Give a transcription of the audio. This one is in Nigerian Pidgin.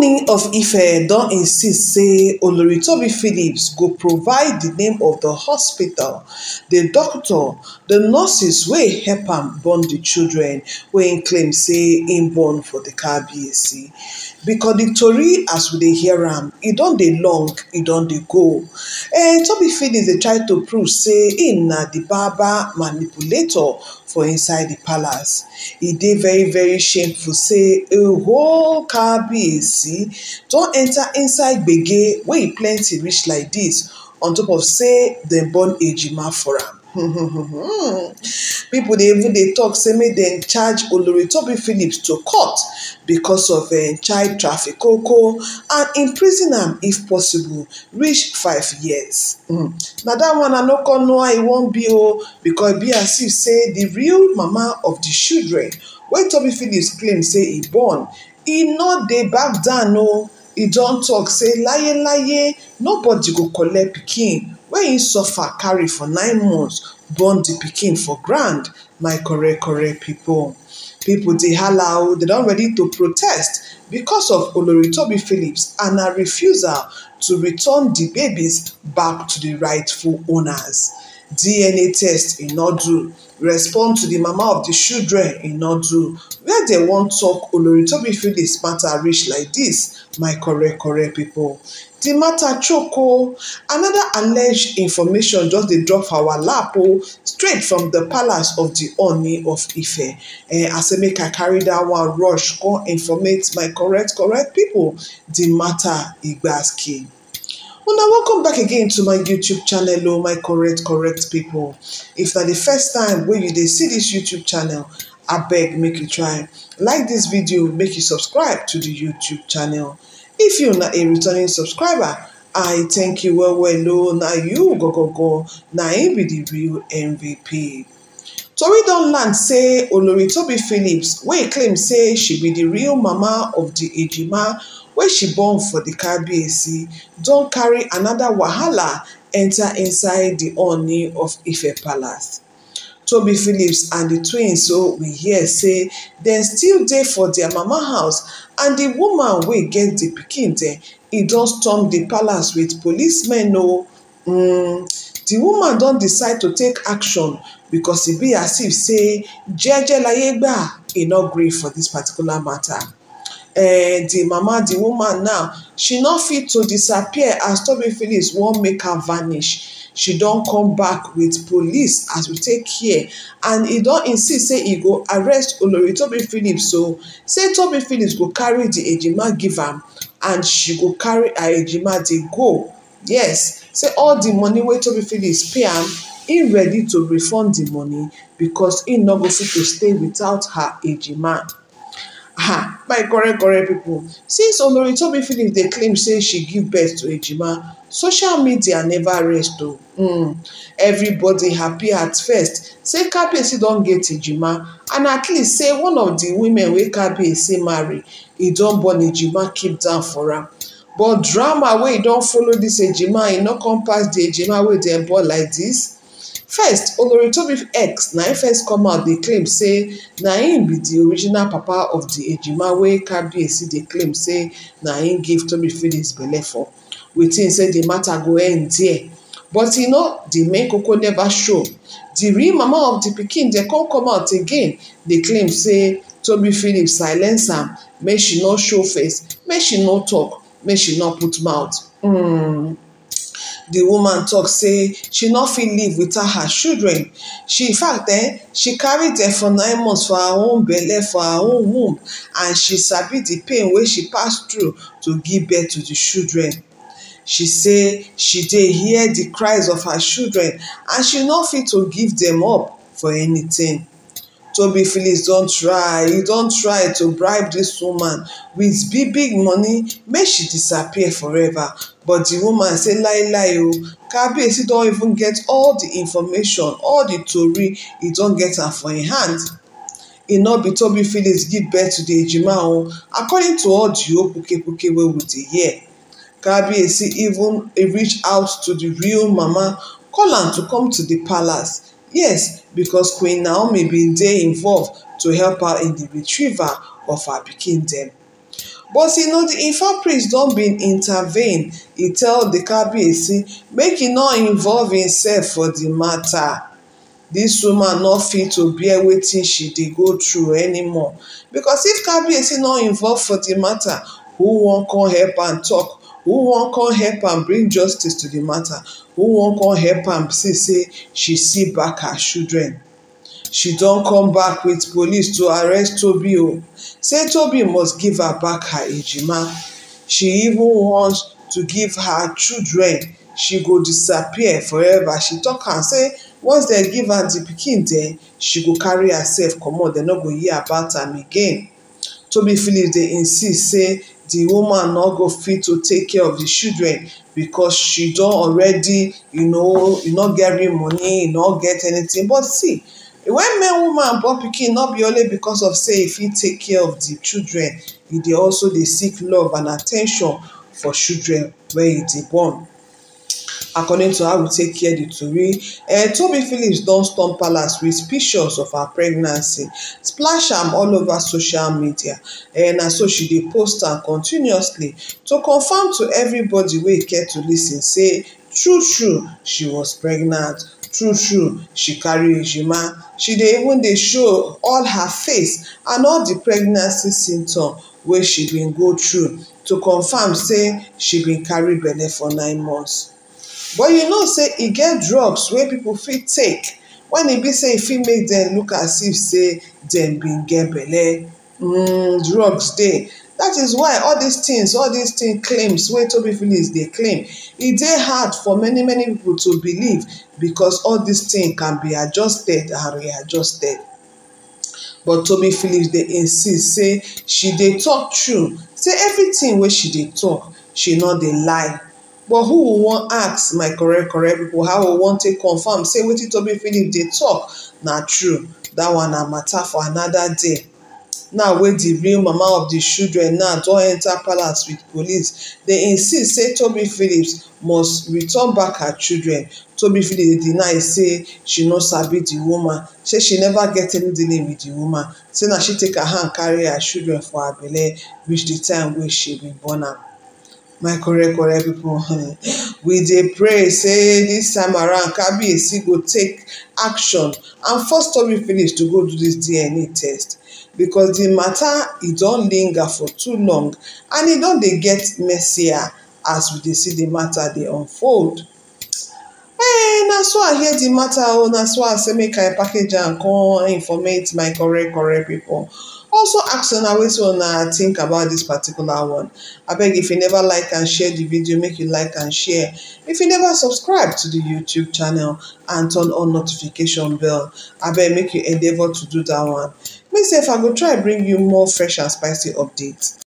ooni of ife don insist say oloritobi phillips go provide di name of di hospital di doctor di nurses wey help am born di children wey im claim say im born for di kbac because the tori as we dey hear am e don dey long e don dey go eh, tobi phillips dey try to prove say im na di barber manipulator for inside di palace e dey very very shameful say a whole kabiyesi don enter inside gbege wey e plenty reach like dis on top of say dem born ejima for am People dey even dey tok say make dem charge oloritobi phillips to court because of eh, child trafficoko and imprison am if possible reach five years mm. na dat one i no come know how e wan be o oh, because e be as if say di real mama of di children wey tobi phillips claim say e born e no dey back down o oh. e don talk say laye laye nobody go collect pikin wey im suffer carry for nine months born di pikin for ground my correct correct pipo pipo dey hala o dem don ready to protest because of oloritobi phillips and her refusal to return di babies back to di rightful owners dna test e no do respond to di mama of di children e no do wia dem wan tok oloritobi phillips matter reach like dis my correct correct pipo di matter choke o anoda alleged information just dey drop for our lap o straight from the palace of the oni of ife i say make i carry dat one rush go informate my correct correct people di matter igbaski una welcome back again to my youtube channel o my correct correct people. if na the first time wey you dey see this youtube channel abeg make you try like this video make you subscribe to the youtube channel if you na a returning subscriber i thank you well well o oh, na you gogogo na im be the real mvp tori don land say olori tobi phillips wey claim say she be the real mama of di ejima wey she born for di kabiyesi don carry anoda wahala enta inside di honey of ife palace toby phillips and the twins so we hear say dem still dey for dia mama house and di woman wey get di pikin dem e don storm di palace wit policemen o um, mm, di woman don decide to take action because e be as if say jeje layegba e no gree for dis particular matter uh, the mama the woman now she no fit to disappear as tobi phillips wan make her vanish she don come back with police as we take care and e don insist say e go arrest olori tobi phillips so, say tobi phillips go carry the ejima give am and she go carry her ejima dey go yes say all the money wey tobi phillips pay am e ready to refund the money because e no go fit to stay without her ejima ah my correct correct people. since oloritobi philip they claim say she give birth to ejima social media never rest though. mm. everybody happy at first say kabiyesi don't get ejima and at least say one of the women wey kabiyesi marry he don't born ejima keep down for her. but drama wey don't follow this ejima He not come past di ejima wey they born like this first oloritobi x na im first come out dey claim say na im be di original papa of di ejima wey kabiyesi dey claim say na im give tobi phillips belle for we say di matter go end there but you know di main koko never show di real mama of di pikin dey come come out again dey claim say tobi phillips silence am make she no show face make she no talk make she no put mouth. Mm. The woman talk say she no fit live without her children she in fact eh, she carry them for nine months for her own belle for her own womb and she sabi the pain wey she pass through to give birth to the children she say she dey hear the cries of her children and she no fit to give them up for anything. Toby Phillips don try, he don try to bribe this woman with big big money make she disappear forever. But the woman say lie lie o, oh. Kabiyesi don even get all the information, all the tori, He don get am for im hand. e no be toby phillips give birth to the ejima o oh. according to all the old pukepuke wey we dey hear kabiyesi even reach out to the real mama call am to come to the palace Yes, because Queen Naomi bin there involved to help her in the retrieval of her kingdom. But you know, the Ifa priest don't been intervene, he tell the KBC make e not involve himself for the matter. This woman not fit to bear wetin she dey go through anymore. Because if KBC not involved for the matter, who won't come help and talk? who wan come help am bring justice to the matter who wan come help am see say she see back her children she don come back with police to arrest tobi o say tobi must give her back her ejima she even want to give her children she go disappear forever she talk am say once dem give her di pikin dem she go carry herself comot dem no go hear about am again toby phillips dey insist say di woman no go fit to take care of di children because she don already you know e no get real money e no get anything. but see when men woman born pikin no be only because of say e fit take care of di children e dey also dey seek love and at ten tion for children wey e dey born according to how we take hear di tori eh, Toby phillips don storm palace with pictures of her pregnancy splash am all over social media eh, na so she dey post am continuously to confirm to everybody wey e care to listen say true true she was pregnant true true she carry ejima she dey even dey show all her face and all the pregnancy symptoms wey she bin go through to confirm. say she bin carry belle for nine months but you know say e get drugs wey people fit take When e be say e fit make dem look as if say dem bin get belle mm, drugs dey that is why all these things all these things claims wey toby phillips dey claim e dey hard for many many people to believe because all these things can be adjusted and readjusted but toby phillips dey insist say she dey talk true say everything wey she dey talk she no dey lie but who will wan ask my correct correct pipo how we wan take confirm say wetin tobi philip dey tok na true dat one na mata for anoda day now wey di real mama of di children now don enta palace wit police dey insist say tobi phillips must return back her children tobi phillips deny say she no sabi di woman say she never get any dealing wit di woman say na she take her hand carry her children for her belle reach di time wey she bin born am my correct correct people. we dey pray say this time around kabiyesi go take action and first story finish to go do this dna test because the matter e don linger for too long and e don dey get messier as we dey see the matter dey unfold Hey, eh, na so i hear the matter. Oh, na so i say make i package am come informate my correct correct people also ask una wetin una think about this particular one abeg if you never like and share the video make you like and share if you never subscribe to the youtube channel and turn on notification bell abeg make you endeavor to do that one me sef i go try bring you more fresh and spicy updates